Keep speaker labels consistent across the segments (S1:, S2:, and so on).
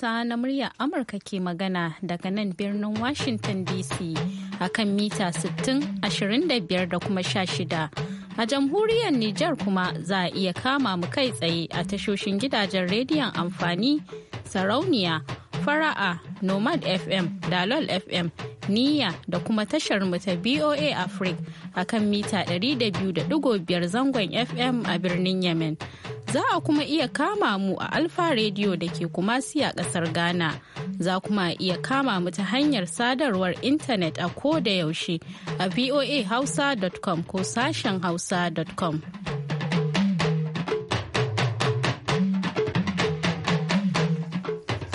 S1: Hausa na murya Amurka ke magana daga nan birnin Washington DC a kan mita 60, 25 da kuma 16. A jamhuriyar Nijar kuma za a iya kama mu kai tsaye a tashoshin gidajen rediyon amfani, sarauniya, fara'a, Nomad FM, Dalol FM niya da kuma tashar mu ta BOA Africa a kan mita 200.5 zangon FM a birnin Yemen. Za a kuma iya kama mu a Alfa Radio da ke kumasi a ƙasar Ghana. Za kuma iya kama mu ta hanyar sadarwar intanet a ko da yaushe a voahausa.com ko sashen hausa.com.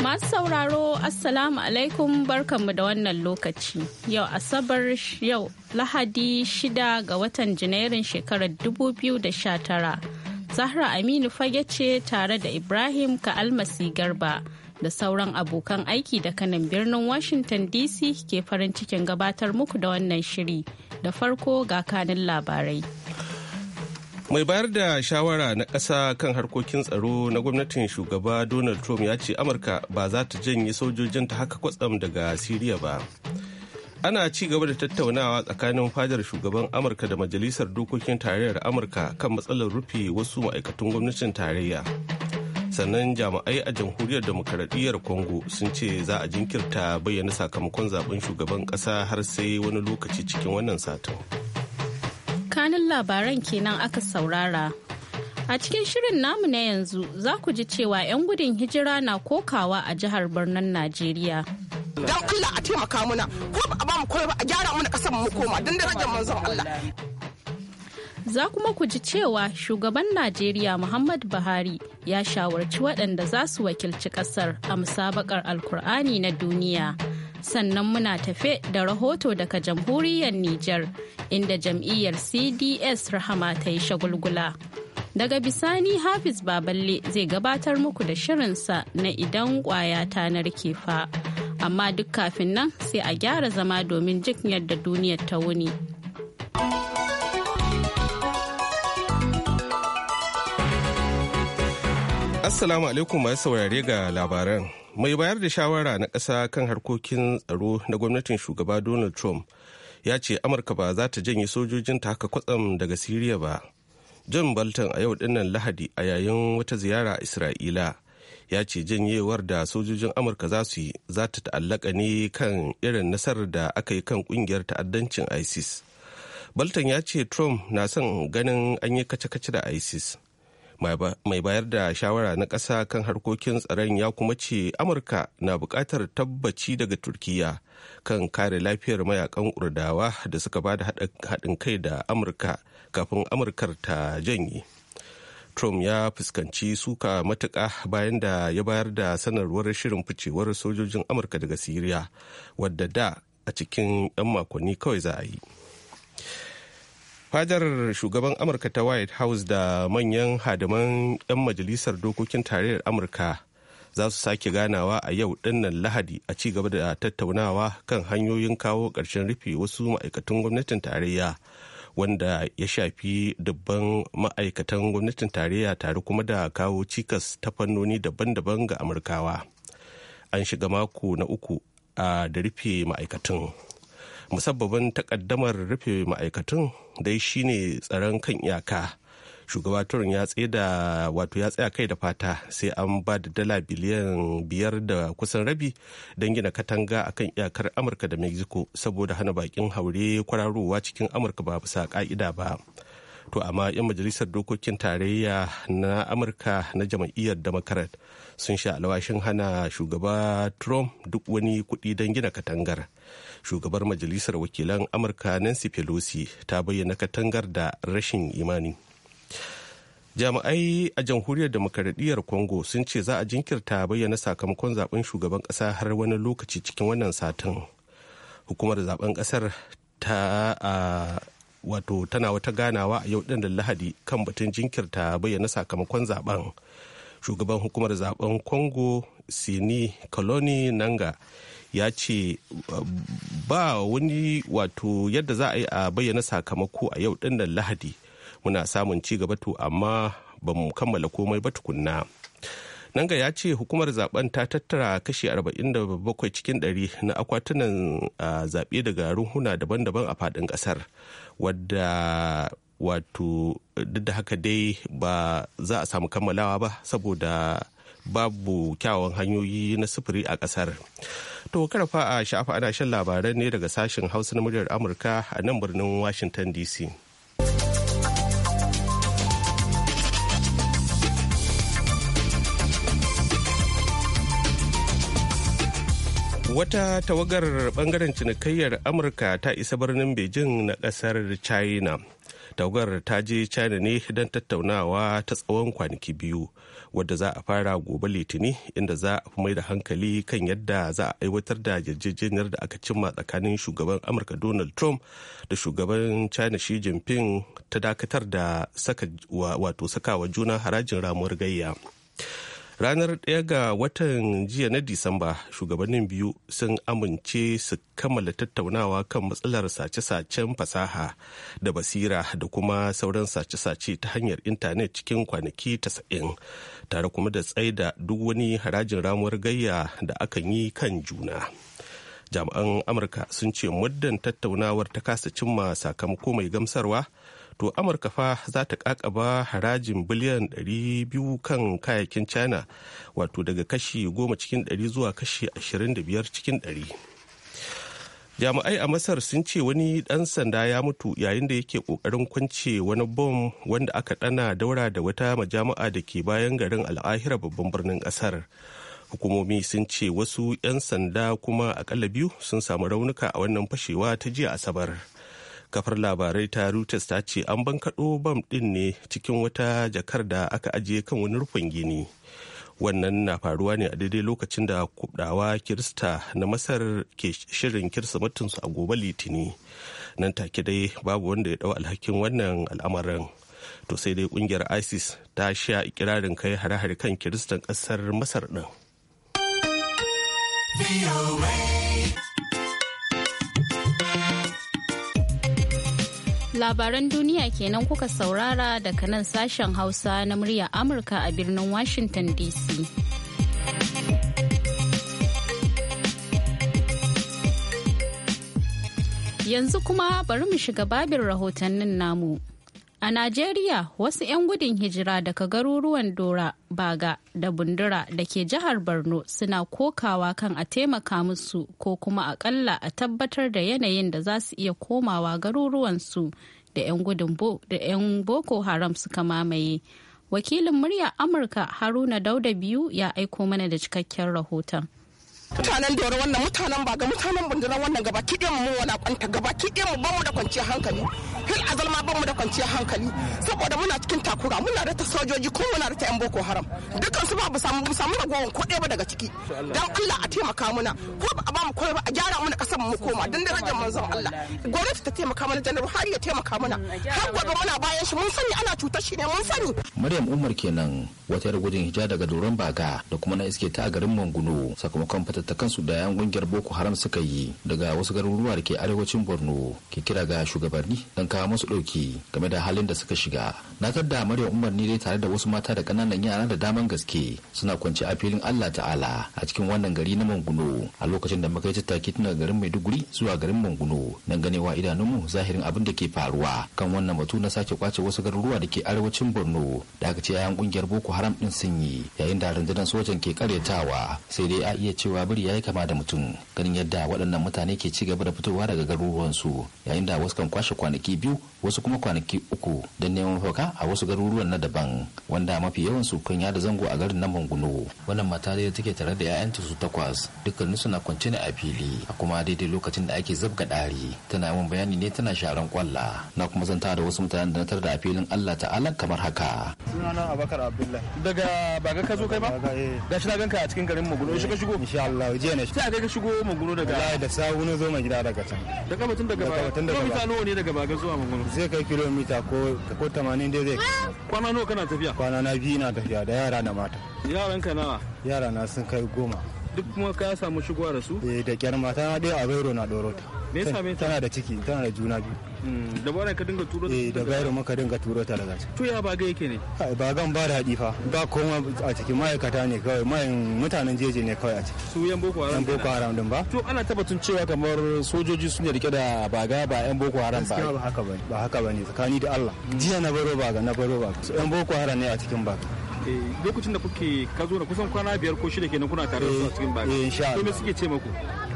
S1: Masu sauraro Assalamu alaikum barkanmu da wannan lokaci. Yau Asabar yau Lahadi shida ga watan Janairun shekarar 2019. Zahra Aminu fage ce tare da Ibrahim ka almasi Garba da sauran abokan aiki da kanan birnin Washington DC ke farin cikin gabatar muku da wannan shiri. Da farko ga kanin labarai.
S2: mai bayar da shawara na ƙasa kan harkokin tsaro na gwamnatin shugaba donald trump ya ce amurka ba za ta janye ta haka kwatsam daga siriya ba ana ci gaba da tattaunawa tsakanin fadar shugaban amurka da majalisar dokokin tarayyar amurka kan matsalar rufe wasu ma'aikatan gwamnatin tarayya sannan jami'ai a jamhuriyar demokaradiyyar congo sun ce za a jinkirta bayyana sakamakon zaben shugaban ƙasa har sai wani lokaci cikin wannan satin.
S1: dukkanin labaran kenan aka saurara. A cikin shirin namu na yanzu za ku ji cewa 'yan gudun hijira na kokawa a jihar birnin Najeriya. Don
S3: Allah a taimaka muna, ko ba mu a gyara mana kasar mu
S4: don rage manzon Allah.
S1: Za kuma ku ji cewa shugaban Najeriya Muhammad Buhari ya shawarci waɗanda za su wakilci ƙasar a musabakar Alkur'ani na duniya. sannan muna tafe da rahoto daga jamhuriyar Nijar inda jam'iyyar CDS Rahama ta yi shagulgula. Daga bisani Hafiz Baballe zai gabatar muku da shirinsa na idan kwaya ta narke fa. Amma duk kafin nan sai a gyara zama domin jin yadda duniyar ta wuni.
S2: Assalamu alaikum masu saurare ga labaran. mai bayar da shawara na ƙasa kan harkokin tsaro na gwamnatin shugaba donald trump ya ce amurka ba za ta janye sojojinta haka kwatsam daga siriya ba john bolton a yau dinnan lahadi a yayin wata ziyara a isra'ila ya ce janyewar da sojojin amurka za su yi za ta ta'allaka ne kan irin nasarar da aka yi kan kungiyar ta'addancin isis bolton ya ce trump na son ganin an yi kace-kace da isis mai bayar da shawara na ƙasa kan harkokin tsaron ya kuma ce amurka na buƙatar tabbaci daga turkiya kan kare lafiyar mayakan kurdawa da suka ba da haɗin kai da amurka kafin amurkar ta janye trump ya fuskanci suka matuƙa bayan da ya bayar da sanarwar shirin ficewar sojojin amurka daga siriya wadda da a cikin 'yan makonni kawai za a yi fadar shugaban amurka ta white house da manyan hadiman 'yan majalisar dokokin tarayyar amurka za su sake ganawa a yau dinnan lahadi a ci gaba da tattaunawa kan hanyoyin kawo ƙarshen rufe wasu ma'aikatan gwamnatin tarayya wanda ya shafi dubban ma'aikatan gwamnatin tarayya tare kuma da kawo cikas ta fannoni daban-daban ga amurkawa an shiga mako na uku da rufe ma'aikatan. musabbabin takaddamar rufe ma'aikatun dai shine tsaron kan iyaka shugaba turin ya da wato ya tsaya kai da fata sai an ba da dala biliyan biyar da kusan rabi don gina katanga a kan iyakar amurka da mexico saboda hana bakin haure kwararowa cikin amurka ba bisa ka'ida ba to amma 'yan majalisar dokokin tarayya na amurka na jam'iyyar democrat sun sha alwashin hana shugaba trump duk wani kuɗi don gina katangar shugabar majalisar wakilan amurka nancy pelosi ta bayyana katangar da rashin imani jami'ai a jamhuriyar demokaradiyyar congo sun ce za a jinkirta bayyana sakamakon zaben shugaban kasa har wani lokaci cikin wannan satin hukumar zaben kasar ta wato tana wata ganawa a yau ɗin lahadi kan batun jinkirta bayyana sakamakon zaben shugaban hukumar zaben congo sini koloni nanga ya ce ba wani wato yadda za a yi a bayyana sakamako a yau nan lahadi muna samun ci gaba to amma ba mu kammala komai ba tukunna nanga ya ce hukumar zaben ta tattara kashi 47 cikin 100 na akwatunan zaɓe daga runhuna daban-daban a faɗin ƙasar wadda wato duk da haka dai ba za a samu kammalawa ba saboda babu kyawun hanyoyi na sufuri a ƙasar. To karfa a shafa ana shan labaran ne daga sashen hausa na muryar Amurka a nan birnin Washington DC. Wata tawagar bangaren cinikayyar Amurka ta isa birnin Beijing na kasar China tawagar ta je china ne don tattaunawa ta tsawon kwanaki biyu wadda za a fara gobe litini inda za a fi mai da hankali kan yadda za a aiwatar da yarjejeniyar da aka cimma tsakanin shugaban amurka donald trump da shugaban china shi jinping ta dakatar da saka wato sakawa juna harajin ramuwar gayya ranar ɗaya ga watan jiya na disamba shugabannin biyu sun amince su kammala tattaunawa kan matsalar sace-sacen fasaha da basira da kuma sauran sace-sace ta hanyar intanet cikin kwanaki 90 tare kuma da tsaida duk wani harajin ramuwar gayya da akan yi kan juna jami'an amurka sun ce muddin tattaunawar ta kasa cimma sakamako mai gamsarwa to amurka fa za ta kakaba harajin biliyan 200 kan kayakin china wato daga kashi 10 cikin 100 zuwa kashi 25 cikin 100 jami'ai a masar sun ce wani dan sanda ya mutu yayin da yake kokarin kwance wani bom wanda aka dana daura da wata majami'a da ke bayan garin al'ahira babban birnin kasar hukumomi sun ce wasu 'yan sanda kuma akalla biyu sun samu raunuka a wannan fashewa ta jiya asabar. kafar labarai ta reuters ta ce an bankaɗo bam ɗin ne cikin wata jakar da aka ajiye kan wani rufin gini wannan na faruwa ne a daidai lokacin da kuɗawa kirista na masar ke shirin kirsimetinsu a gobe litini nan take dai babu wanda ya ɗau alhakin wannan al'amarin to sai dai ƙungiyar isis ta sha ikirarin kai hare-hare kan kiristan ƙasar masar ɗin.
S1: Labaran duniya kenan kuka saurara daga nan sashen Hausa na murya Amurka a birnin Washington DC. Yanzu kuma bari mu shiga babin rahotannin namu. A Najeriya wasu 'yan gudun hijira daga garuruwan Dora, Baga da Bundura da ke jihar Borno suna kokawa kan a taimaka musu ko kuma akalla a tabbatar da yanayin da za su iya komawa garuruwansu da 'yan gudun Boko Haram suka mamaye. Wakilin murya Amurka Haruna Dauda biyu ya aiko mana da cikakken rahoton.
S3: mutanen dore wannan mutanen ga mutanen bundura wannan gaba kiɗin mu wala kwanta gaba kiɗin mu bamu da kwanciyar hankali hil azal ma bamu da kwanciyar hankali saboda muna cikin takura muna da ta sojoji ko muna da ta yan boko haram dukkan su ba mu samu mu samu ragowar kuɗi ba daga ciki dan Allah a taimaka muna ko ba a bamu koyar ba a gyara muna kasar mu koma dan darajar manzon Allah gore ta taimaka mana janar har ya taimaka mana mm, har gobe muna bayan shi mun sani ana cutar shi ne mun sani
S5: Maryam Umar kenan wata yar gudun hija daga Doron Baga da kuma na iske ta garin Manguno sakamakon fata su da yan kungiyar boko haram suka yi daga wasu garuruwa da ke arewacin borno ke kira ga shugabanni don kawo masu ɗauki game da halin da suka shiga na da maryam umar ne dai tare da wasu mata da ƙananan yara da daman gaske suna kwance a filin allah ta'ala a cikin wannan gari na manguno a lokacin da muka yi tattaki tun daga garin maiduguri zuwa garin manguno don ganewa idanunmu zahirin abin da ke faruwa kan wannan batu na sake kwace wasu garuruwa da ke arewacin borno da aka ce yayan kungiyar boko haram din sun yi yayin da rundunar sojan ke karyatawa sai dai a iya cewa biri ya yi kama da mutum ganin yadda waɗannan mutane ke ci gaba da fitowa daga garuruwansu yayin da wasu kan kwashe kwanaki biyu wasu kuma kwanaki uku don neman mafaka a wasu garuruwan na daban wanda mafi yawan su kan yada zango a garin na manguno wannan mata dai take tare da 'ya'yanta su takwas dukkaninsu suna kwance ne a fili a kuma daidai lokacin da ake zabga ɗari tana yawan bayani ne tana sharan kwalla na kuma zanta da wasu mutanen da na tar da a filin Allah ta'ala kamar haka
S6: sunana Abubakar Abdullahi daga baga ka zo kai ba eh. gashi na ganka a cikin garin Maguno shi ka shigo insha Allah jiya ne sai aka shigo Manguno daga Allah da sawu na zo mai gida daga can daga batun daga ba kilomita nawa ne daga baga zuwa Manguno zai kai kilomita ko ko 80 dai zai kwana nawa kana tafiya kwana na biyu na tafiya da yara da mata yaran ka nawa yara na sun kai goma duk kuma ka samu shigowa da su eh da kyar mata na dai a bairo na dorota me yasa me tana da ciki tana da juna biyu Hmm. da bara ka dinga turo eh da bayar maka dinga turo ta daga to ya ba ga yake ne ba gan ba da hadifa ba koma a cikin ma'aikata ne kawai mai mutanen jeje ne kawai a ciki su yan
S7: boko haram yan boko
S6: haram din ba to ana tabbatun cewa kamar sojoji sun ne rike da baga ba yan boko haram ba ba haka bane ba haka bane tsakani da Allah hmm. jiya na baro baga na baro baga yan boko haram ne a cikin baga Eh, lokacin da kuke ka zo na kusan kwana biyar ko shida kenan kuna tare da su cikin baki eh, eh, insha Allah me suke ce muku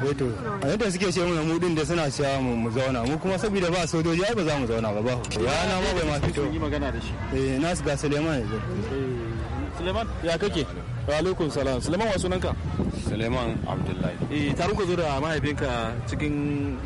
S6: wato a yadda suke ce mana mu din da suna cewa mu zauna mu kuma saboda ba sojoji ai ba za mu zauna ba ba ya na ma bai ma fito yi magana da shi eh nasu ga Suleiman yanzu Suleiman ya kake? Wa alaikum salam. Suleiman wa sunanka? Suleiman Abdullahi. Eh taron ka zo da mahaifinka cikin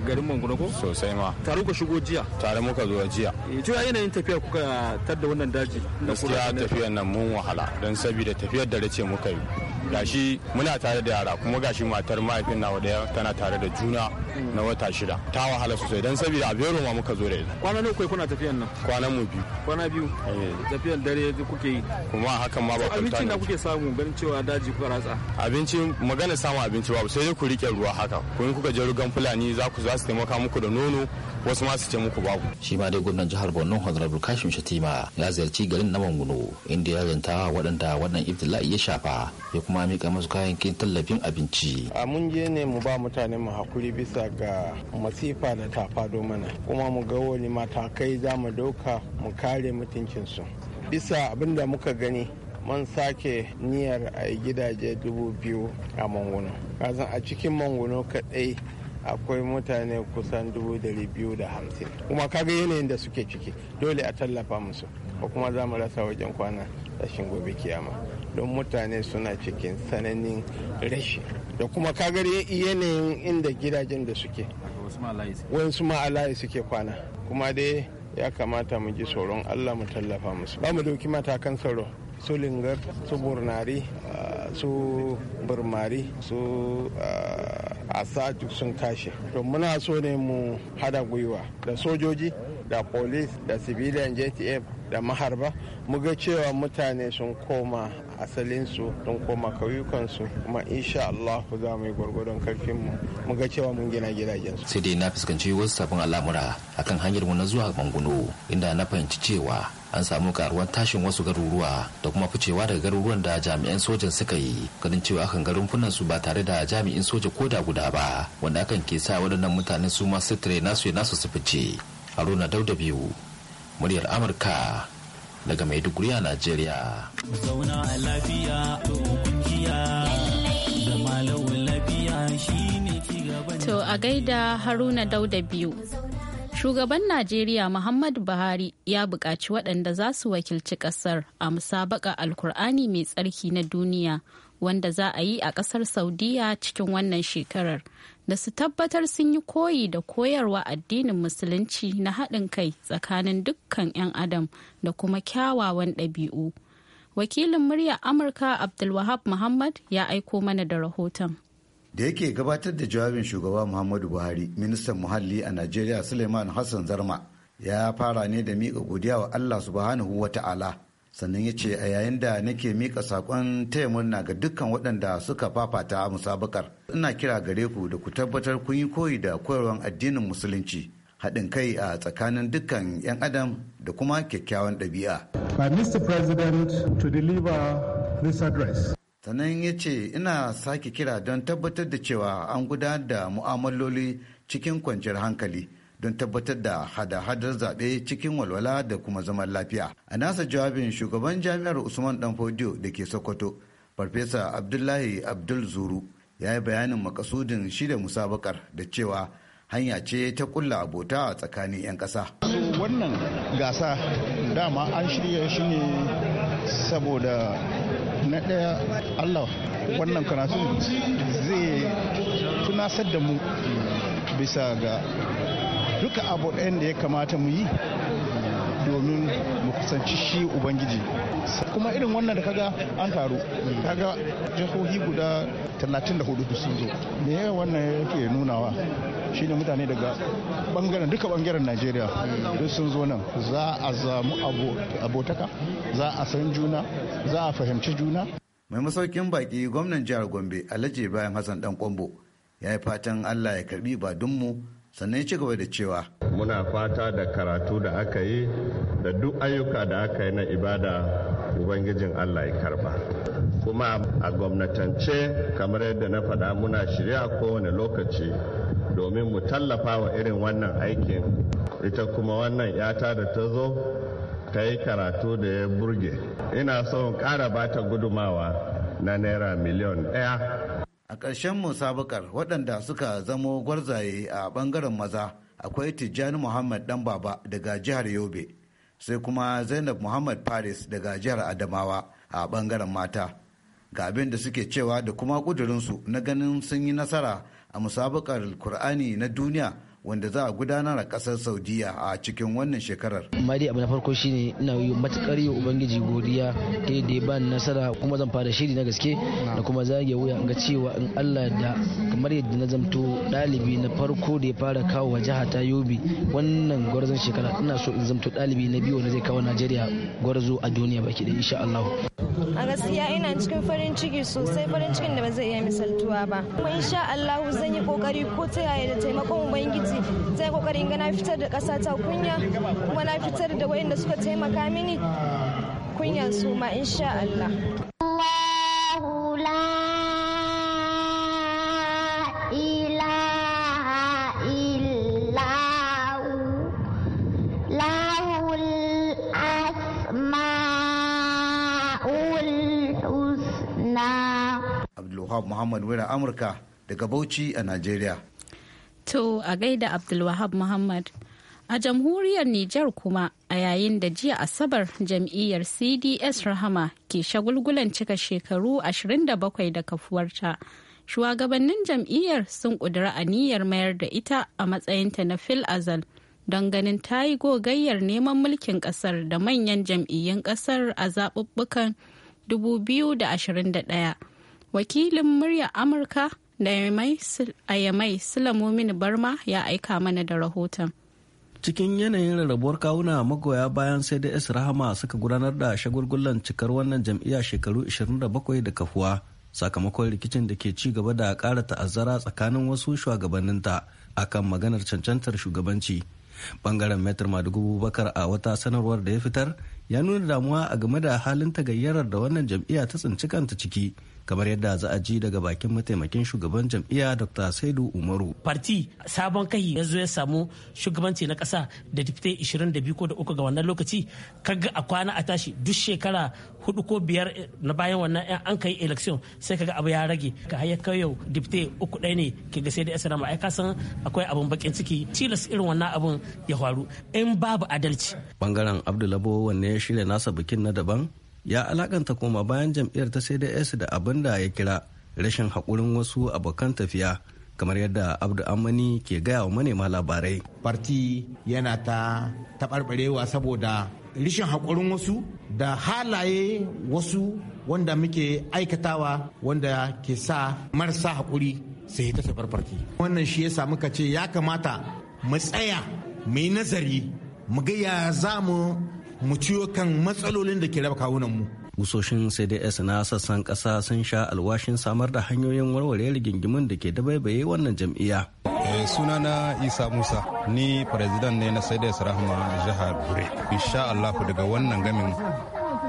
S6: garin mangoro. ko? Sosai ma. taru ka shigo jiya? Tare muka zo jiya. Eh to yanayin tafiya kuka tar da wannan daji? Gaskiya
S8: tafiyar nan mun wahala don saboda tafiyar da race muka yi. gashi muna tare da yara kuma gashi matar mahaifin na daya tana tare da juna na wata shida ta wahala sosai don saboda a
S6: biyar ma muka zo da
S8: ita Kwanan ne kai kuna tafiyan nan Kwanan mu biyu kwana biyu eh.
S6: tafiyan dare kuke
S8: yi kuma hakan ma ba abinci na
S7: kuke samu ganin cewa daji kuka ratsa
S8: abinci magana samu abinci babu sai dai ku rike ruwa haka kun kuka je rugan fulani za ku za su taimaka muku da nono
S5: wasu ma su ce muku babu shi ma dai gwamnan jihar borno honorable kashim shatima ya ziyarci garin na manguno inda ya zanta waɗanda wannan ibtila'i ya shafa ya kuma mika musu kin tallafin abinci
S8: a mun je ne mu ba mutane mu hakuri bisa ga masifa da ta fado mana kuma mu ga wani matakai za mu doka mu kare mutuncinsu bisa abin da muka gani man sake niyar a gidaje dubu biyu a mangono kazan a cikin mangono kaɗai akwai mutane kusan dubu da hamsin kuma kaga yanayin da suke ciki dole a tallafa musu ko kuma za mu rasa wajen kwana rashin gobe kiyama don mutane suna cikin sananin rashi da kuma kaga yanayin inda gidajen da suke wasu ma alayi suke kwana kuma dai ya kamata mu ji tsoron allah mu tallafa musu ba mu dauki matakan tsaro su lingar su burnari su burmari su a sa sun kashe to muna so ne mu hada gwiwa da sojoji da police da civilian jtf da maharba muga cewa mutane sun koma asalinsu don koma kauyukansu kuma insha Allah za mu yi gwargwadon karfinmu mu ga cewa mun gina gidajensu.
S5: sai dai na fuskanci wasu sabon al'amura akan hanyar mu na zuwa manguno inda na fahimci cewa an samu karuwar tashin wasu garuruwa da kuma ficewa daga garuruwan da jami'an sojan suka yi ganin cewa akan ga rumfunan su ba tare da jami'in soja ko da guda ba wanda akan ke sa waɗannan mutane su ma sutura nasu nasu su fice haruna dauda biyu muryar amurka daga maiduguri a nigeria
S3: zauna a To
S1: a gaida Haruna Dauda biyu. Shugaban Najeriya Muhammadu Buhari ya buƙaci waɗanda za su wakilci ƙasar a musabaƙa Alkur'ani mai tsarki na duniya wanda za a yi a ƙasar Saudiya cikin wannan shekarar da su tabbatar sun yi koyi da koyarwa addinin musulunci na haɗin kai tsakanin dukkan 'yan adam da kuma kyawawan ɗabi'u. Wakilin murya Amurka Abdulwahab Muhammad ya aiko mana da rahoton.
S9: da yake gabatar da jawabin shugaba muhammadu buhari ministan muhalli a najeriya suleiman hassan zarma ya fara ne da miƙa godiya wa allah subhanahu wa ta'ala sannan ya ce a yayin da nake mika sakon taya murna ga dukkan waɗanda suka fafata a musabakar ina kira gare ku da ku tabbatar kun yi koyi da koyarwar addinin musulunci haɗin kai a tsakanin dukkan 'yan adam da kuma kyakkyawan ɗabi'a. Mr. President to deliver Sannan ya ce ina sake kira don tabbatar da cewa an gudanar da mu'amaloli cikin kwanciyar hankali. don tabbatar da hada-hadar zaɓe cikin walwala da kuma zaman lafiya. A nasa jawabin shugaban jami'ar Usman Danfodiyo da ke Sokoto, Farfesa Abdullahi Abdul Zuru ya yi bayanin makasudin shi da musabakar da cewa hanya ce ta kulla abota a tsakanin 'yan ƙasa. Wannan gasa dama an shirya shi ne
S8: saboda na ɗaya Allah wannan karatu zai tunasar da mu bisa ga duka abu
S9: ɗayan da ya kamata mu yi domin mu kusanci shi ubangiji kuma irin wannan da kaga an taru kaga jihohi guda 34 sun zo me yawa wannan yake nunawa shine mutane daga bangaren duka bangaren najeriya duk sun zo nan za a zamu abotaka za a san juna za a fahimci juna mai masaukin baki gwamnan jihar gombe alhaji bayan hassan dan kwambo ya yi fatan allah ya karbi badunmu sannan ci gaba da cewa muna fata da karatu da aka yi da duk ayyuka da aka yi na ibada
S7: ubangijin allah ya karba kuma a gwamnatance kamar yadda na faɗa muna shirya kowane lokaci domin mu tallafa wa irin wannan aikin ita kuma wannan yata da ta zo ta yi karatu da ya burge
S9: ina son ƙara bata gudumawa na naira miliyan ɗaya a ƙarshen musabakar waɗanda suka zamo gwarzaye a ɓangaren maza akwai tijjani muhammad ɗan baba daga jihar yobe sai kuma zainab muhammad paris daga jihar adamawa a ɓangaren mata ga abin da suke cewa da kuma ƙudurinsu na ganin sun yi nasara a musabakar kur'ani na duniya wanda za a gudanar a kasar saudiya a cikin wannan shekarar
S5: amma abu na farko shine ina yi matukar yi ubangiji godiya ta yadda ya bani nasara kuma zan fara shiri na gaske da kuma zage wuya ga cewa in allah da kamar yadda na zamto ɗalibi na farko da ya fara kawo wa jiha ta yobe wannan gwarzon shekara ina so in zamto ɗalibi na biyu wanda zai kawo najeriya gwarzo a duniya baki da insha allah a gaskiya ina cikin farin ciki sosai farin cikin da ba zai iya misaltuwa ba kuma insha Allah zan yi kokari ko ta yaya da taimakon ubangiji zai kokarin ga na fitar da kasa ta kunya kuma na fitar da wayanda suka taimaka mini kunya su
S8: ma insha Allah
S9: Muhammad Wira Amurka daga Bauchi a Najeriya.
S1: To a gaida Abdulwahab Muhammad. A jamhuriyar Nijar kuma a yayin da jiya Asabar jam'iyyar CDS Rahama ke shagulgulan cika shekaru 27 da kafuwarta. Shugabannin jam'iyyar sun ƙudura aniyar mayar da ita a matsayinta na fil azal don ganin ta yi gogayyar neman mulkin ƙasar da manyan jam'iyyun ƙasar a zaɓuɓɓukan 2021. wakilin murya amurka da yamai sulamomin barma ya aika mana da rahoton
S3: cikin yanayin rarrabuwar kawuna magoya bayan sai da rahama suka gudanar da shagulgullan cikar wannan jam'iyya shekaru 27 da kafuwa sakamakon rikicin da ke ci gaba da kara ta'azzara tsakanin wasu shugabanninta akan maganar cancantar shugabanci bangaren metro madugubu bakar a wata sanarwar da ya fitar ya nuna damuwa a game da halin tagayyarar da wannan jam'iyya ta tsinci kanta ciki kamar yadda za a ji daga bakin mataimakin shugaban jam'iyya dr saidu umaru parti sabon kai ya zo ya samu shugabanci na kasa da dipte 22 ko da uku ga wannan lokaci kaga a kwana a tashi duk shekara hudu ko biyar na bayan wannan yan an kai election sai kaga abu ya rage ka haye kai yau dipte uku ɗaya ne ke ga sai da asalama ai ka san akwai abun bakin ciki tilas irin wannan abun ya faru in babu adalci bangaren abdulabo wanne ya shirya nasa bikin na daban ya alakanta koma bayan jam'iyyar ta cds da abin da ya kira rashin haƙurin wasu abokan tafiya kamar yadda abdu amani ke gaya wa manema labarai farti yana ta taɓarɓarewa saboda rashin haƙurin wasu da halaye
S4: wasu wanda muke aikatawa wanda ke sa marasa haƙuri sai ta farti wannan shi yasa muka ce ya kamata mu tsaya mu yi nazari mu ga ya za mu mu ciwo kan matsalolin da ke raba kawunan mu
S3: gusoshin cds na sassan kasa sun sha alwashin samar da hanyoyin warware rigingimin da ke dabaibaye wannan jam'iyya eh, sunana isa musa ni president ne na cds rahama jihar bure insha allahu daga wannan gamin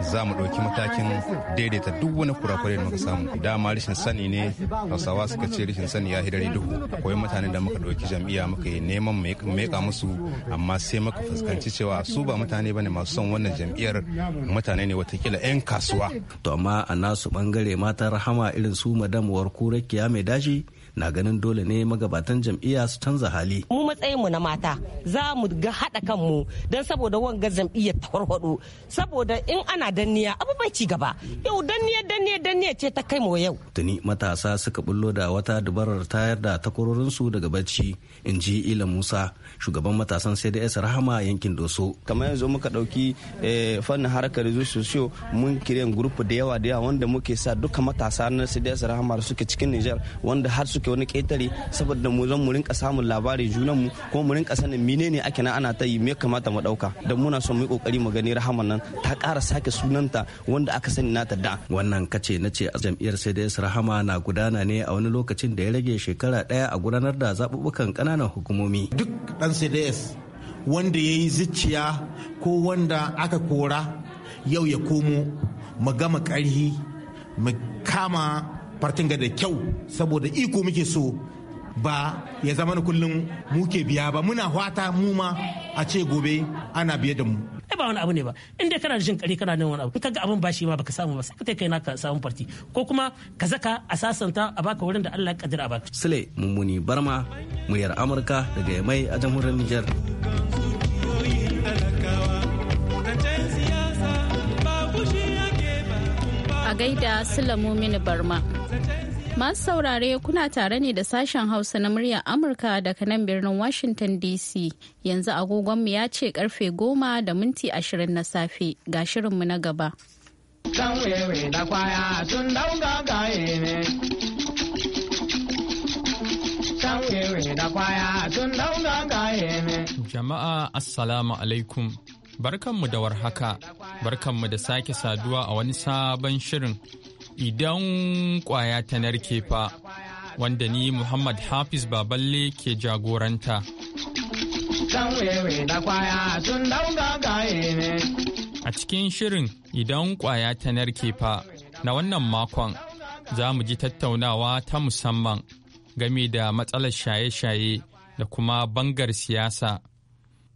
S3: za mu ɗauki matakin daidaita duk wani kurakure da muka samu dama rashin sani ne hausawa suka ce rashin sani ya hidari duhu akwai mutanen da muka ɗauki jam'iyya muka yi neman meka musu amma sai muka fuskanci cewa su ba mutane bane masu son wannan jam'iyyar mutane ne watakila 'yan kasuwa to amma a nasu bangare mata rahama irin su madam warku rakiya mai dashi na ganin dole ne magabatan jam'iyya su canza hali. Mu matsayin mu na mata za mu ga haɗa kanmu don saboda wanga jam'iyyar ta farfaɗo saboda in ana danniya abu bai ci gaba yau danniya danniya danniya ce ta kai mu yau. Tuni matasa suka bullo da wata dubarar tayar da su daga bacci in ji Ila Musa shugaban matasan CDS Rahama yankin Doso. Kamar yanzu muka ɗauki eh, fannin harkar sosiyo mun kiran grup da yawa da yawa wanda muke sa duka matasa na CDS Rahama suke cikin Nijar wanda har suke ta wani ketare saboda mu zan mu rinka samun labarin junanmu kuma mu rinka sanin menene ake na ana ta yi me kamata mu ɗauka don muna son mu yi kokari mu gani rahaman nan ta ƙara sake sunanta wanda aka sani nata da. Wannan kace na ce jam'iyyar sai rahama na gudana ne a wani lokacin da ya rage shekara ɗaya a gudanar da zaɓuɓɓukan ƙananan hukumomi. Duk ɗan CDS wanda yayi zuciya ko wanda aka kora yau ya komo
S4: mu gama ƙarhi mu kama ga da kyau saboda iko
S3: muke so ba ya zama na kullum muke biya ba muna hwata mu ma a ce gobe ana biye da mu ai ba wani abu ne ba inda kana jin kare kana nan wani abu in kaga abin bashi ma baka samu ba sai ka kai naka samu farti ko kuma ka zaka a sasanta a baka wurin da Allah ya kaddara a baka sule mummuni barma muryar amurka daga mai a jamhuriyar Nijar.
S1: gaida Sulamu Mini Barma. Masu saurare kuna tare ne da sashen Hausa na muryar Amurka daga nan birnin Washington DC. Yanzu agogonmu ya ce karfe goma da minti ashirin na safe ga shirinmu na gaba.
S10: Jama'a Assalamu alaikum. barkanmu da warhaka, barkanmu da sake saduwa a wani sabon shirin idan kwaya ta narke fa wanda ni Muhammad Hafiz Baballe ke jagoranta. A cikin shirin idan kwaya ta narke fa na wannan makon za mu ji tattaunawa ta musamman game da matsalar shaye-shaye da kuma bangar siyasa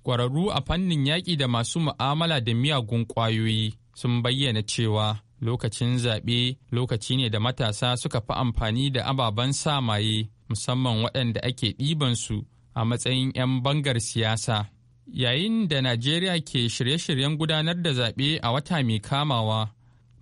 S10: Kwararru a fannin yaƙi da masu mu'amala da miyagun ƙwayoyi sun bayyana cewa lokacin zaɓe lokaci ne da matasa suka fi amfani da ababen samaye musamman waɗanda ake ɗibansu a matsayin 'yan bangar siyasa. Yayin da Najeriya ke shirye-shiryen gudanar da zaɓe a wata mai kamawa,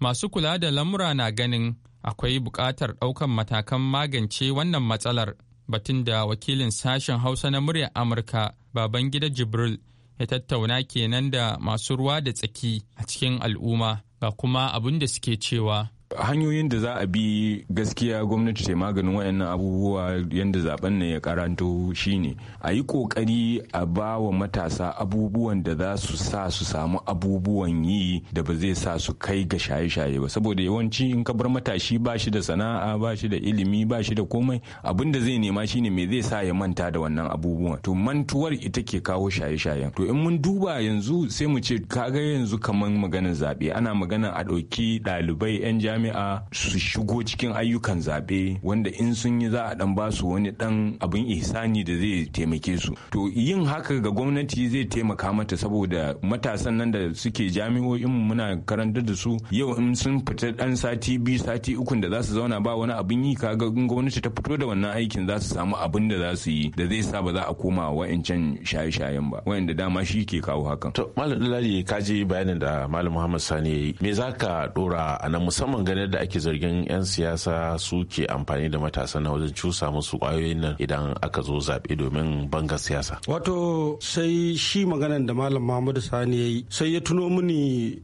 S10: masu kula da lamura na ganin akwai buƙatar ɗaukan matakan magance wannan matsalar batun da wakilin sashen Hausa na muryar Amurka baban gida Jibril ya tattauna kenan da masu ruwa da tsaki a cikin al'umma ga kuma abin da suke cewa.
S7: hanyoyin da za a bi gaskiya gwamnati ta maganin wayannan abubuwa yadda zaben nan ya karanto shine a yi kokari a ba wa matasa abubuwan da za su sa su samu abubuwan yi da ba zai sa su kai ga shaye-shaye ba saboda yawanci in ka bar matashi ba shi da sana'a ba shi da ilimi ba shi da komai abin da zai nema shine me zai sa ya manta da wannan abubuwan to mantuwar ita ke kawo shaye-shayen to in mun duba yanzu sai mu ce kaga yanzu kamar maganar zaɓe ana magana a ɗauki ɗalibai 'yan jami'a jami'a su shigo cikin ayyukan zaɓe wanda in sun yi za a dan ba su wani dan abin ihsani da zai taimake su to yin haka ga gwamnati zai taimaka mata saboda matasan nan da suke jami'o'in muna karantar da su yau in sun fita dan sati biyu sati uku da za su zauna ba wani abin yi kaga in gwamnati ta fito da wannan aikin za su samu abin da za su yi da zai sa ba za a koma wa'ancan shaye-shayen ba wa'anda dama shi ke kawo hakan to malam dalali ka je bayanin da malam muhammad sani me za ka dora a nan musamman ganin da ake zargin 'yan siyasa suke amfani da matasa na wajen cusa musu kwayoyin nan idan aka zo zaɓe domin banga siyasa.
S4: Wato sai shi maganan da Malam Muhammadu Sani ya yi sai ya tuno mini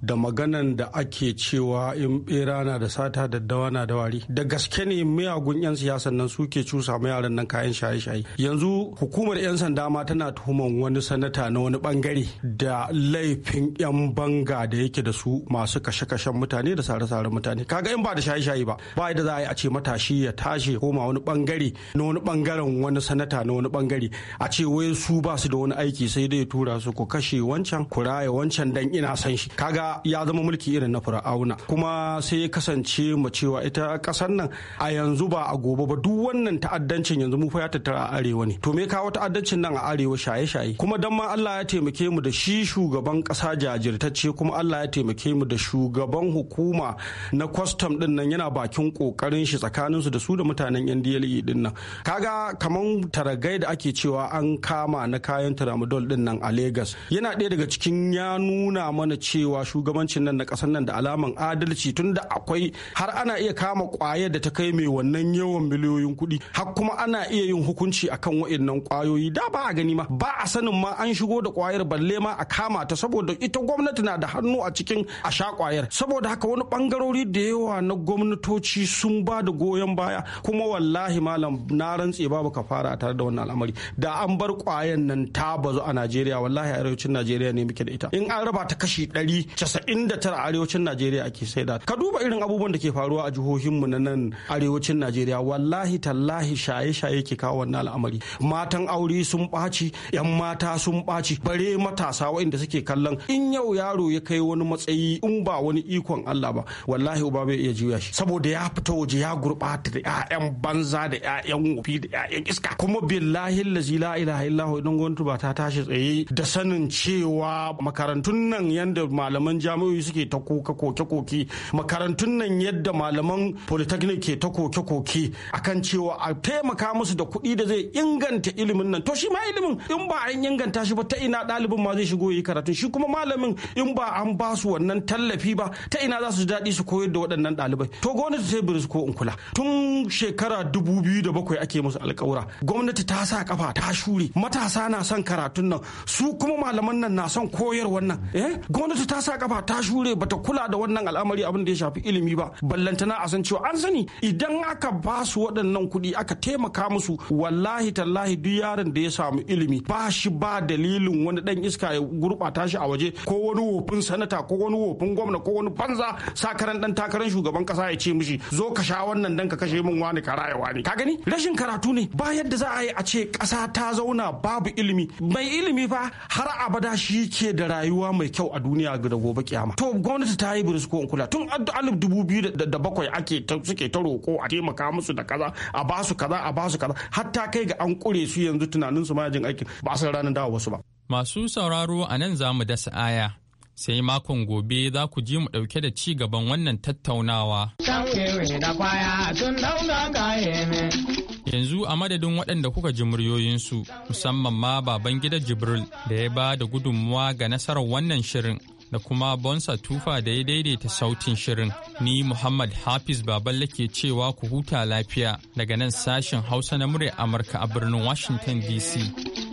S4: da maganan da ake cewa in bera na da sata da dawa na da wari. Da gaske ne miyagun 'yan siyasan nan suke cusa ma yaran nan kayan shaye-shaye. Yanzu hukumar 'yan sanda ma tana tuhuman wani sanata na wani bangare da laifin 'yan banga da yake da su masu kashe-kashen mutane da sare-sare mutane. kaga in ba da shaye-shaye ba ba da za a yi a ce matashi ya tashi ya koma wani bangare na wani bangaren wani sanata na wani bangare a ce wai su ba su da wani aiki sai dai tura su ku kashe wancan ku raya wancan dan ina san shi kaga ya zama mulki irin na fir'auna kuma sai ya kasance mu cewa ita kasar nan a yanzu ba a gobe ba duk wannan ta'addancin yanzu mu fa ya tattara a arewa ne to me kawo ta'addancin nan a arewa shaye-shaye kuma dan ma Allah ya taimake mu da shi shugaban kasa jajirtacce kuma Allah ya taimake mu da shugaban hukuma na custom din nan yana bakin kokarin shi tsakanin su da su da mutanen yan DLE din nan kaga kaman taragai da ake cewa an kama na kayan tramadol din nan a Lagos yana ɗaya daga cikin ya nuna mana cewa shugabancin nan na ƙasar nan da alaman adalci tunda akwai har ana iya kama kwaye da ta kai mai wannan yawan miliyoyin kuɗi har kuma ana iya yin hukunci akan waɗannan kwayoyi da ba a gani ma ba a sanin ma an shigo da kwayar balle ma a kama ta saboda ita gwamnati na da hannu a cikin a sha kwayar saboda haka wani bangarori da yawa na gwamnatoci sun ba da goyon baya kuma wallahi malam na rantse babu ka fara tare da wannan al'amari da an bar kwayan nan ta bazu a najeriya wallahi arewacin najeriya ne muke da ita in an raba ta kashi 199 arewacin najeriya ake saida ka duba irin abubuwan da ke faruwa a jihohinmu na nan arewacin najeriya wallahi tallahi shaye-shaye ke kawo wannan al'amari matan aure sun ɓaci 'yan mata sun ɓaci bare matasa waɗanda suke kallon in yau yaro ya kai wani matsayi in ba wani ikon allah ba wallahi ba bai iya juya shi saboda ya fito waje ya gurbata da 'ya'yan banza da 'ya'yan wofi da 'ya'yan iska kuma billahi lazi la ilaha illallah idan gwamnati ba ta tashi tsaye da sanin cewa makarantun nan yadda malaman jami'o'i suke ta koka koke koke makarantun nan yadda malaman polytechnic ke ta koke koke akan cewa a taimaka musu da kuɗi da zai inganta ilimin nan to shi ma ilimin in ba an inganta shi ba ta ina ɗalibin ma zai shigo yi karatun shi kuma malamin in ba an ba su wannan tallafi ba ta ina za su daɗi su koyar da waɗannan ɗalibai to gwamnati ta biris ko in kula tun shekara dubu biyu da bakwai ake musu alkawura gwamnati ta sa kafa ta shure matasa na son karatun nan su kuma malaman nan na son koyar wannan eh gwamnati ta sa kafa ta shure bata kula da wannan al'amari abin da ya shafi ilimi ba ballantana a san cewa an sani idan aka ba su waɗannan kuɗi aka taimaka musu wallahi tallahi duk yaron da ya samu ilimi ba shi ba dalilin wani dan iska ya gurɓata shi a waje ko wani wofin sanata ko wani wofin gwamna ko wani banza sakaran dan takara takarar shugaban kasa ya ce mishi zo ka sha wannan dan ka kashe min wani ka raya wani ka gani rashin karatu ne ba yadda za a yi a ce kasa ta zauna babu ilimi mai ilimi fa har abada shi ke da rayuwa mai kyau a duniya ga da gobe kiyama to gwamnati ta yi birisko in kula tun alif dubu biyu da bakwai ake suke ta roko a taimaka musu da kaza a basu kaza a basu kaza hatta kai ga an kure su yanzu tunanin su ma jin aikin ba a san ranar dawo wasu ba
S10: masu sauraro a nan za mu dasa aya sai makon gobe za ku ji mu ɗauke da ci gaban wannan tattaunawa. Yanzu a madadin waɗanda kuka ji muryoyinsu musamman ma baban gida Jibril da ya ba da gudunmuwa ga nasarar wannan shirin da kuma Bonsa Tufa da ya daidaita sautin shirin. Ni Muhammad Hafiz Baballe ke cewa ku huta lafiya daga nan sashen Hausa na murya Amurka a birnin Washington DC.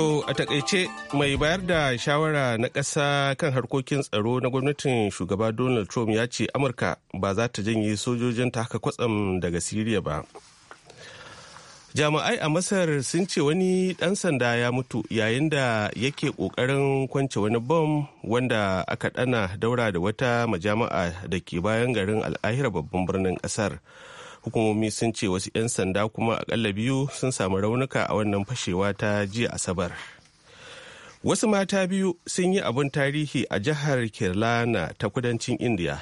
S2: To a takaice mai bayar da shawara na ƙasa kan harkokin tsaro na gwamnatin shugaba Donald Trump ya ce Amurka ba za ta janye sojojinta haka kwatsam daga Siriya ba. Jami'ai a Masar sun ce wani ɗan sanda ya mutu yayin da yake ƙoƙarin kwance wani bom wanda aka ɗana daura da wata majama'a da ke bayan garin al'ahira babban birnin ƙasar. hukumomi sun ce wasu 'yan sanda kuma akalla biyu sun samu raunuka a wannan fashewa ta jiya asabar wasu mata biyu sun yi abin tarihi a jihar kirlana ta kudancin indiya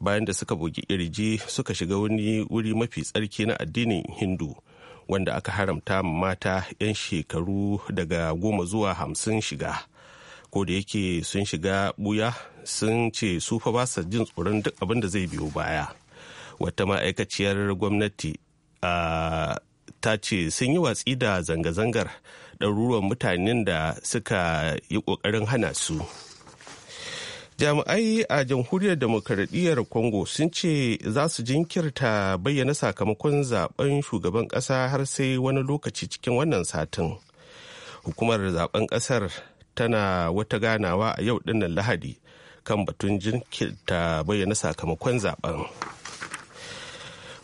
S2: bayan da suka bugi ƙirji, suka shiga wani wuri mafi tsarki na addinin hindu wanda aka haramta mata 'yan shekaru daga goma zuwa hamsin shiga ko da yake sun shiga buya sun ce su fa ba sa jin tsoron duk abin da zai biyo baya wata ma'aikaciyar gwamnati ta ce sun yi watsi da zanga-zangar ɗaruruwan mutanen da suka yi ƙoƙarin hana su jami'ai a jamhuriyar demokaradiyyar congo sun ce za su jinkirta bayyana sakamakon zaben shugaban ƙasa har sai wani lokaci cikin wannan satin hukumar zaben ƙasar tana wata ganawa a yau dinnan lahadi kan batun jinkirta bayyana sakamakon zaben.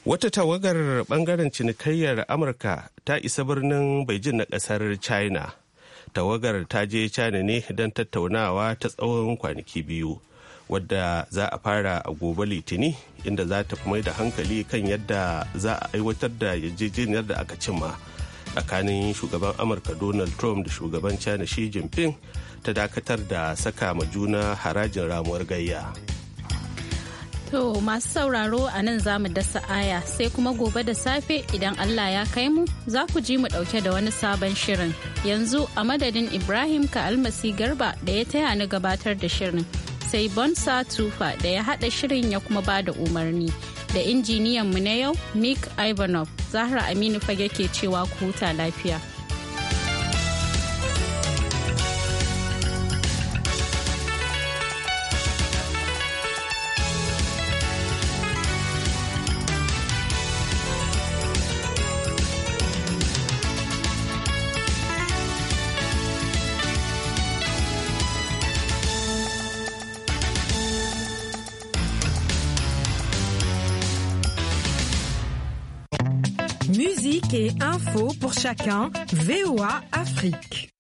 S2: Wata tawagar bangaren cinikayyar Amurka ta isa birnin Beijing na kasar China. Tawagar ta je China ne don tattaunawa ta tsawon kwanaki biyu, wadda za a fara a gobe litini inda za ta mai da hankali kan yadda za a aiwatar da yarjejeniyar da aka cimma tsakanin shugaban Amurka Donald Trump da shugaban China Xi Jinping ta dakatar da saka ma juna harajin ramuwar gayya.
S1: To masu sauraro a nan za mu dasa aya sai kuma gobe da safe idan Allah ya kai mu za ku ji mu ɗauke da wani sabon shirin. Yanzu a madadin Ibrahim ka almasi garba da ya taya ni gabatar da shirin. Sai Bonsa Tufa da ya haɗa shirin ya kuma ba da umarni. Da injiniyan mu na yau Nick Ivanov, Zahra Aminu fage ke cewa ku huta lafiya. chacun, VOA Afrique.